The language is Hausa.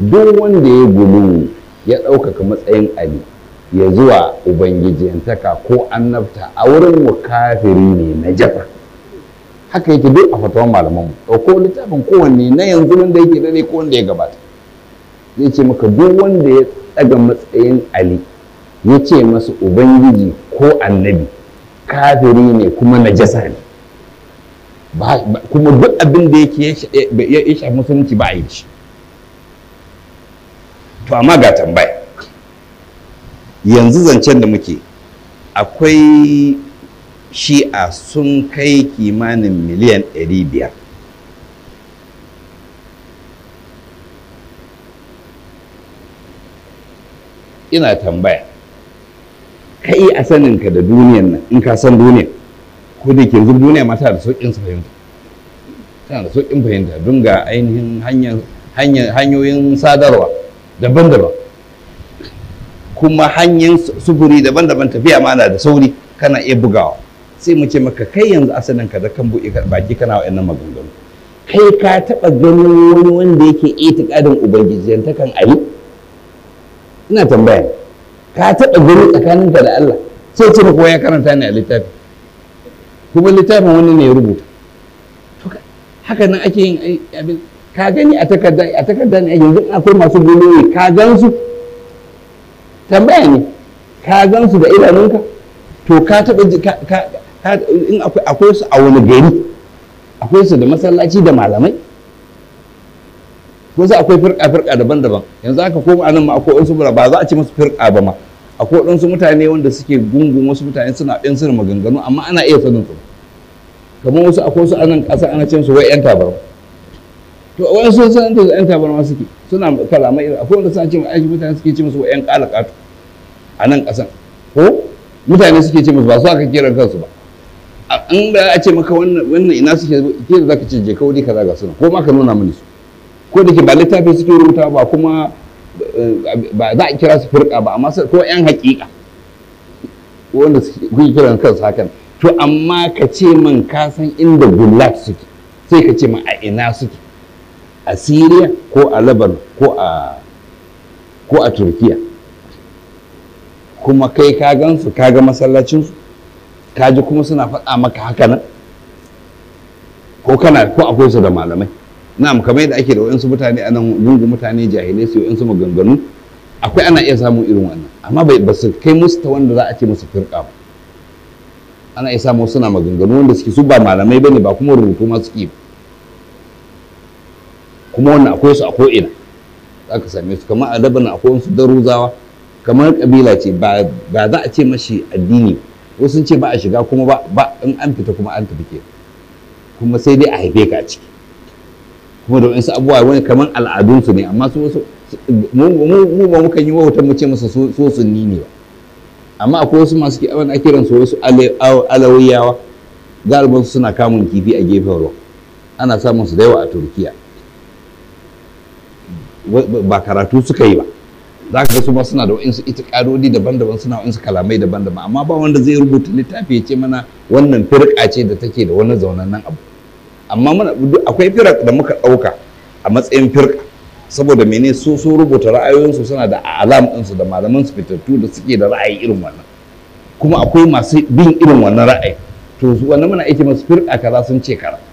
duk wanda ya gulu ya ɗaukaka matsayin ali ya zuwa ubangijiyantaka ko annabta a wurin mu kafiri ne na jafa haka yake duk a fatawan malamanmu ɗauko littafin kowanne na yanzu wanda yake dare ko wanda ya gabata zai ce maka duk wanda ya ɗaga matsayin ali ya ce masu ubangiji ko annabi kafiri ne kuma na jasa ne kuma duk abin da yake ya shafi musulunci ba a yi shi to amma ga tambaya yanzu zancen da muke akwai shi'a sun kai kimanin miliyan 500 ina tambaya kai a saninka da duniyan nan in ka san duniya ko da ke yanzu duniya ma tana da sauƙin fahimta tana da sauƙin fahimta don ga ainihin hanyoyin sadarwa daban-daban kuma hanyar sufuri daban-daban tafiya ma na da sauri kana iya bugawa sai mu ce maka kai yanzu asalin ka da kan buɗe baki kana wa'annan maganganu kai ka taɓa ganin wani wanda yake itikadin ubangiji ta kan ayi ina tambaya ka taɓa gani tsakaninka da Allah sai ce maka ya karanta ne a littafi kuma littafin wani ne ya rubuta haka nan ake yin abin ka gani a takarda a ne yanzu akwai masu biliyoyi ka gansu tambaya ne ka gansu da idanunka to ka taba in akwai su a wani gari akwai su da masallaci da malamai ko za akwai firka firka daban-daban yanzu aka koma anan ma akwai wasu ba za a ce musu firka ba ma akwai wadansu mutane wanda suke gungun wasu mutane suna ɗin suna maganganu amma ana iya sanin su kamar wasu akwai su anan ƙasa ana cin su wai 'yan tabarau to wani sun san da yan tabarma suke suna kala irin akwai wanda suna ce aiki mutane suke ce musu yan kalakatu a nan kasan ko mutane suke ce musu ba su aka kiran kansu ba an da a ce maka wannan ina suke ke da zaka ce je ka wuri kaza ga suna ko ma ka nuna mini su ko da ke ba littafi suke rubuta ba kuma eh, ba za a kira su firka ba amma ko yan hakika wanda kuke kiran kansu hakan to amma ka ce min ka san inda gullat suke sai ka ce min a ina suke a syria ko a lebanon ko a ko a turkiya kuma kai ka gansu ka ga masallacinsu ka ji kuma suna faɗa maka haka nan ko kana ko akwai su da malamai mu kamar yadda ake da waɗansu mutane a nan gungu mutane jahilai su waɗansu maganganu akwai ana iya samun irin wannan amma bai ba su kai musu ta wanda za a ce musu firka ba ana iya samun suna maganganu wanda suke su ba malamai bane ba kuma rubutu ma suke ba kuma wannan akwai su a ko'ina za ka same su kamar a daban akwai wasu daruzawa kamar kabila ce ba za a ce mashi addini wasu sun ce ba a shiga kuma ba in an fita kuma an tafi ke kuma sai dai a haife ka a ciki kuma da wasu abubuwa wani kamar al'adunsu ne amma su wasu mu ba mukan yi wahutar mu ce masa so sunni ne ba amma akwai wasu masu wani ake ransu wasu alawiyawa galibansu suna kamun kifi a gefen ruwa ana samun su da yawa a turkiya ba karatu suka yi ba za ka su ma suna da wa'insu itikadodi daban-daban suna wa'insu kalamai daban-daban amma ba wanda zai rubuta littafi ya ce mana wannan firka ce da take da wani zaunan nan abu amma muna akwai firka da muka ɗauka a matsayin firka saboda mene su sun rubuta ra'ayoyinsu suna da alam ɗinsu da malaman su fitattu da suke da ra'ayi irin wannan kuma akwai masu bin irin wannan ra'ayi to wannan muna aiki masu firka kaza sun ce kara